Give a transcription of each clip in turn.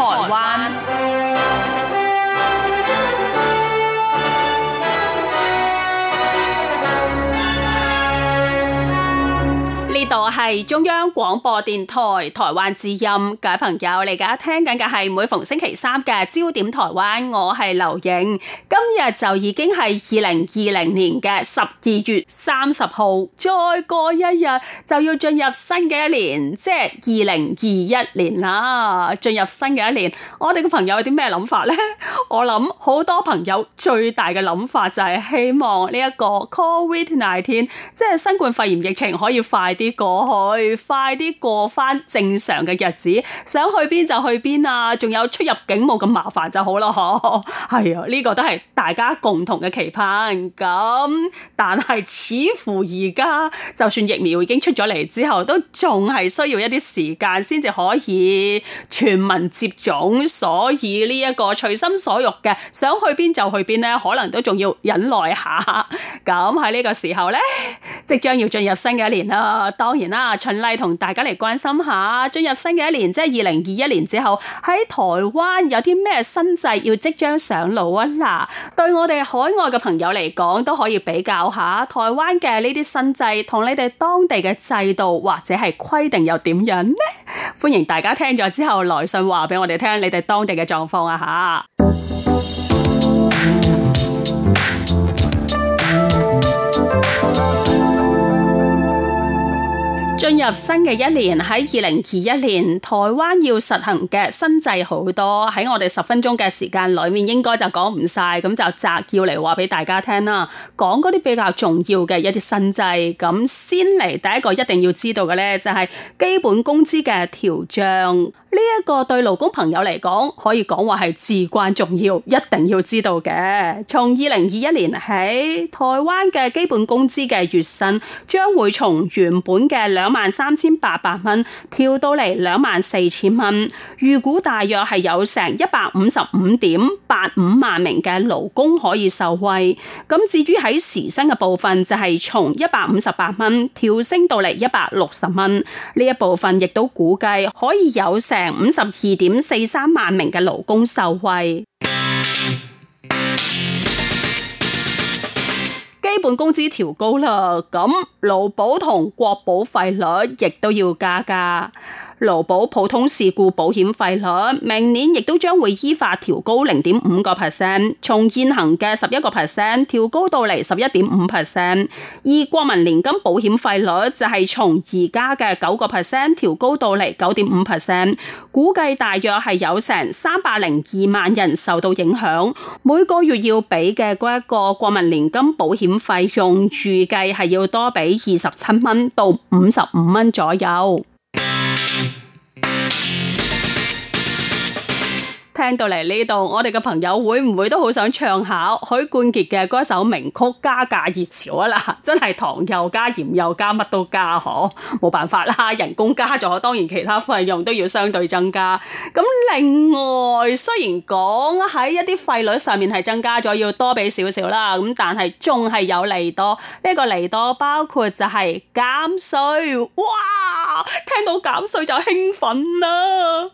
台灣。係中央廣播電台台灣之音，各位朋友，你而家聽緊嘅係每逢星期三嘅焦點台灣，我係劉穎。今日就已經係二零二零年嘅十二月三十號，再過一日就要進入新嘅一年，即係二零二一年啦。進入新嘅一年，我哋嘅朋友有啲咩諗法咧？我諗好多朋友最大嘅諗法就係希望呢一個 COVID-Nineteen，即係新冠肺炎疫情可以快啲過去。快啲過翻正常嘅日子，想去邊就去邊啊！仲有出入境冇咁麻煩就好咯，嗬？係啊，呢個都係大家共同嘅期盼。咁但係似乎而家就算疫苗已經出咗嚟之後，都仲係需要一啲時間先至可以全民接種。所以呢一個隨心所欲嘅想去邊就去邊呢，可能都仲要忍耐下。咁喺呢個時候呢，即將要進入新嘅一年啦。當然啦、啊。循例同大家嚟關心下，進入新嘅一年，即係二零二一年之後，喺台灣有啲咩新制要即將上路啊？嗱、啊，對我哋海外嘅朋友嚟講，都可以比較下台灣嘅呢啲新制同你哋當地嘅制度或者係規定又點樣呢？歡迎大家聽咗之後來信話俾我哋聽，你哋當地嘅狀況啊吓。啊進入新嘅一年，喺二零二一年，台灣要實行嘅新制好多，喺我哋十分鐘嘅時間裏面應該，應該就講唔晒，咁就摘要嚟話俾大家聽啦。講嗰啲比較重要嘅一啲新制，咁先嚟第一個一定要知道嘅呢，就係基本工資嘅調漲，呢、這、一個對勞工朋友嚟講，可以講話係至關重要，一定要知道嘅。從二零二一年起，台灣嘅基本工資嘅月薪，將會從原本嘅兩萬三千八百蚊跳到嚟兩萬四千蚊，預估大約係有成一百五十五點八五萬名嘅勞工可以受惠。咁至於喺時薪嘅部分，就係從一百五十八蚊調升到嚟一百六十蚊呢一部分，亦都估計可以有成五十二點四三萬名嘅勞工受惠。基本工資調高啦，咁。勞保同國保費率亦都要加價，勞保普通事故保險費率明年亦都將會依法調高零點五個 percent，從現行嘅十一個 percent 調高到嚟十一點五 percent，而國民年金保險費率就係從而家嘅九個 percent 調高到嚟九點五 percent，估計大約係有成三百零二萬人受到影響，每個月要俾嘅嗰一個國民年金保險費用，預計係要多俾。二十七蚊到五十五蚊左右。聽到嚟呢度，我哋嘅朋友會唔會都好想唱下許冠傑嘅嗰首名曲《加價熱潮》啊？啦，真係糖又加鹽又加，乜都加嗬，冇辦法啦，人工加咗，當然其他費用都要相對增加。咁另外，雖然講喺一啲費率上面係增加咗，要多俾少少啦，咁但係仲係有利多。呢個利多包括就係減稅，哇，聽到減稅就興奮啦。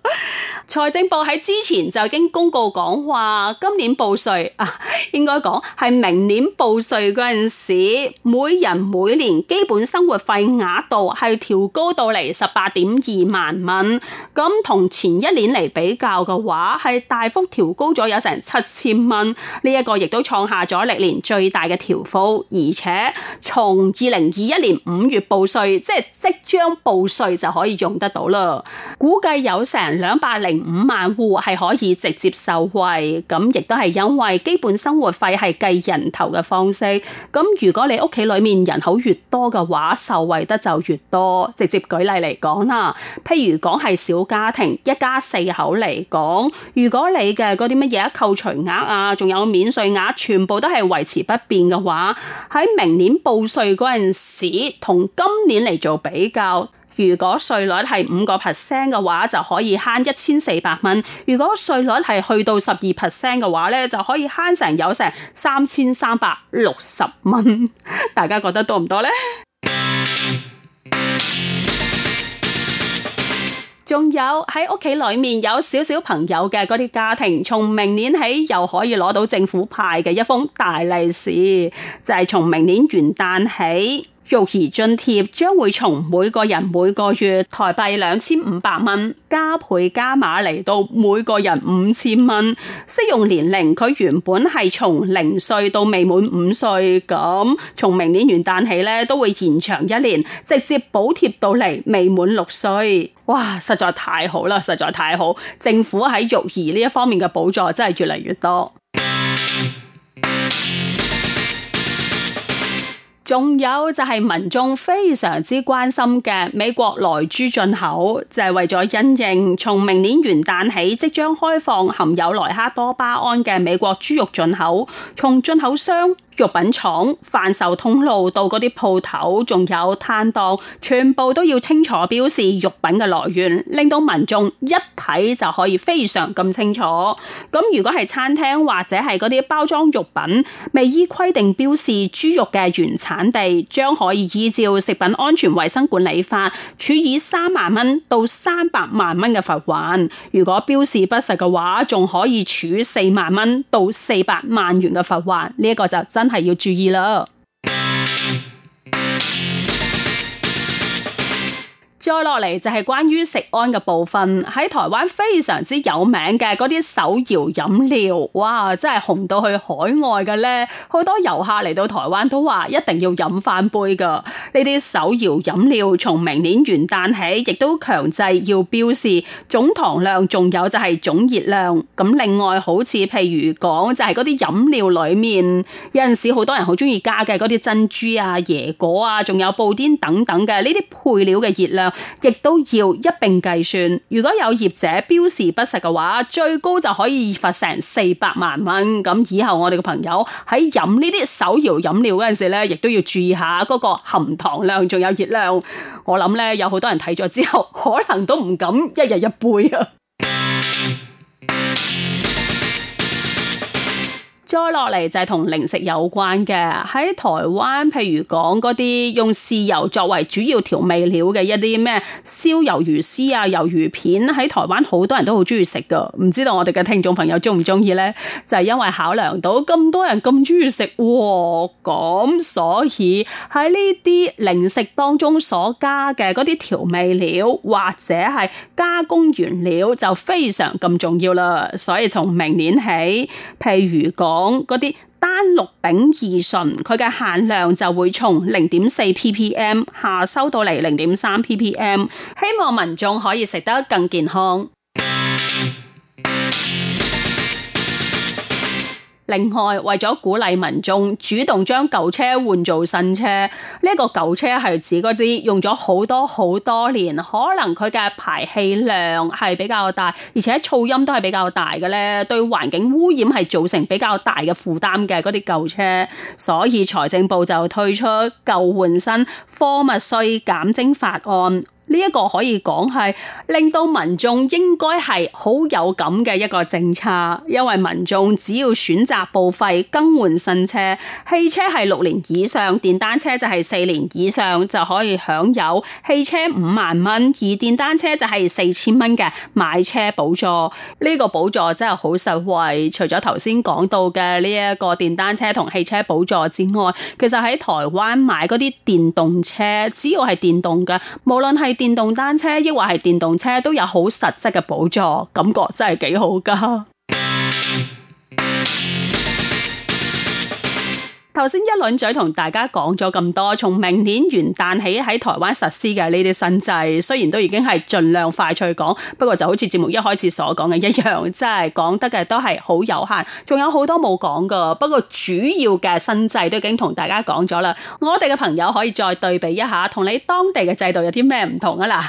財政部喺之前就已經公告講話，今年報稅啊，應該講係明年報稅嗰陣時，每人每年基本生活費額度係調高到嚟十八點二萬蚊。咁同前一年嚟比較嘅話，係大幅調高咗有成七千蚊。呢、這、一個亦都創下咗歷年最大嘅調幅。而且從二零二一年五月報稅，就是、即係即將報稅就可以用得到啦。估計有成兩百零。五萬戶係可以直接受惠，咁亦都係因為基本生活費係計人頭嘅方式。咁如果你屋企裏面人口越多嘅話，受惠得就越多。直接舉例嚟講啦，譬如講係小家庭，一家四口嚟講，如果你嘅嗰啲乜嘢扣除額啊，仲有免稅額，全部都係維持不變嘅話，喺明年報稅嗰陣時，同今年嚟做比較。如果稅率係五個 percent 嘅話，就可以慳一千四百蚊；如果稅率係去到十二 percent 嘅話咧，就可以慳成有成三千三百六十蚊。大家覺得多唔多呢？仲 有喺屋企裏面有小小朋友嘅嗰啲家庭，從明年起又可以攞到政府派嘅一封大利是，就係、是、從明年元旦起。育兒津貼將會從每個人每個月台幣兩千五百蚊加倍加碼嚟到每個人五千蚊，適用年齡佢原本係從零歲到未滿五歲，咁從明年元旦起咧都會延長一年，直接補貼到嚟未滿六歲。哇，實在太好啦，實在太好！政府喺育兒呢一方面嘅補助真係越嚟越多。仲有就係民眾非常之關心嘅美國萊豬進口，就係、是、為咗因應從明年元旦起即將開放含有萊克多巴胺嘅美國豬肉進口，從進口商、肉品廠、販售通路到嗰啲鋪頭，仲有攤檔，全部都要清楚標示肉品嘅來源，令到民眾一睇，就可以非常咁清楚。咁如果係餐廳或者係嗰啲包裝肉品未依規定標示豬肉嘅原產產地將可以依照《食品安全衛生管理法》處以三萬蚊到三百萬蚊嘅罰鍰，如果標示不實嘅話，仲可以處四萬蚊到四百萬元嘅罰鍰，呢、這、一個就真係要注意啦。 再落嚟就係關於食安嘅部分，喺台灣非常之有名嘅嗰啲手搖飲料，哇，真係紅到去海外嘅咧！好多遊客嚟到台灣都話一定要飲返杯噶呢啲手搖飲料。從明年元旦起，亦都強制要標示總糖量，仲有就係總熱量。咁另外好，好似譬如講就係嗰啲飲料裏面，有陣時好多人好中意加嘅嗰啲珍珠啊、椰果啊，仲有布丁等等嘅呢啲配料嘅熱量。亦都要一併計算。如果有業者標示不實嘅話，最高就可以罰成四百萬蚊。咁以後我哋嘅朋友喺飲呢啲手搖飲料嗰陣時咧，亦都要注意下嗰個含糖量，仲有熱量。我諗咧，有好多人睇咗之後，可能都唔敢一日一杯啊。再落嚟就係同零食有關嘅，喺台灣譬如講嗰啲用豉油作為主要調味料嘅一啲咩燒魷魚絲啊、魷魚片，喺台灣好多人都好中意食噶，唔知道我哋嘅聽眾朋友中唔中意呢？就係、是、因為考量到咁多人咁中意食，喎咁所以喺呢啲零食當中所加嘅嗰啲調味料或者係加工原料就非常咁重要啦。所以從明年起，譬如講。講嗰啲單氯丙二醇，佢嘅限量就會從零點四 ppm 下收到嚟，零點三 ppm，希望民眾可以食得更健康。另外，為咗鼓勵民眾主動將舊車換做新車，呢個舊車係指嗰啲用咗好多好多年，可能佢嘅排氣量係比較大，而且噪音都係比較大嘅咧，對環境污染係造成比較大嘅負擔嘅嗰啲舊車，所以財政部就推出舊換新貨物稅減徵法案。呢一個可以講，係令到民眾應該係好有感嘅一個政策，因為民眾只要選擇報廢更換新車，汽車係六年以上，電單車就係四年以上，就可以享有汽車五萬蚊，而電單車就係四千蚊嘅買車補助。呢個補助真係好實惠。除咗頭先講到嘅呢一個電單車同汽車補助之外，其實，喺台灣買嗰啲電動車，只要係電動嘅，無論係，電動單車，抑或係電動車，都有好實質嘅補助，感覺真係幾好㗎。頭先一輪嘴同大家講咗咁多，從明年元旦起喺台灣實施嘅呢啲新制，雖然都已經係盡量快脆講，不過就好似節目一開始所講嘅一樣，即係講得嘅都係好有限，仲有好多冇講㗎。不過主要嘅新制都已經同大家講咗啦，我哋嘅朋友可以再對比一下，同你當地嘅制度有啲咩唔同啊？嗱，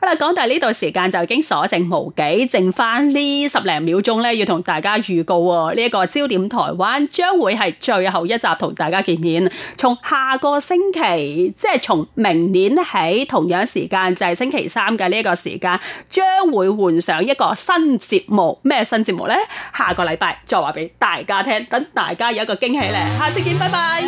好啦，講到呢度時間就已經所剩無幾，剩翻呢十零秒鐘呢，要同大家預告呢，呢個焦點台灣將會係最後一集同。大家見面，從下個星期，即係從明年起，同樣時間就係星期三嘅呢個時間，將會換上一個新節目。咩新節目呢？下個禮拜再話俾大家聽，等大家有一個驚喜咧。下次見，拜拜。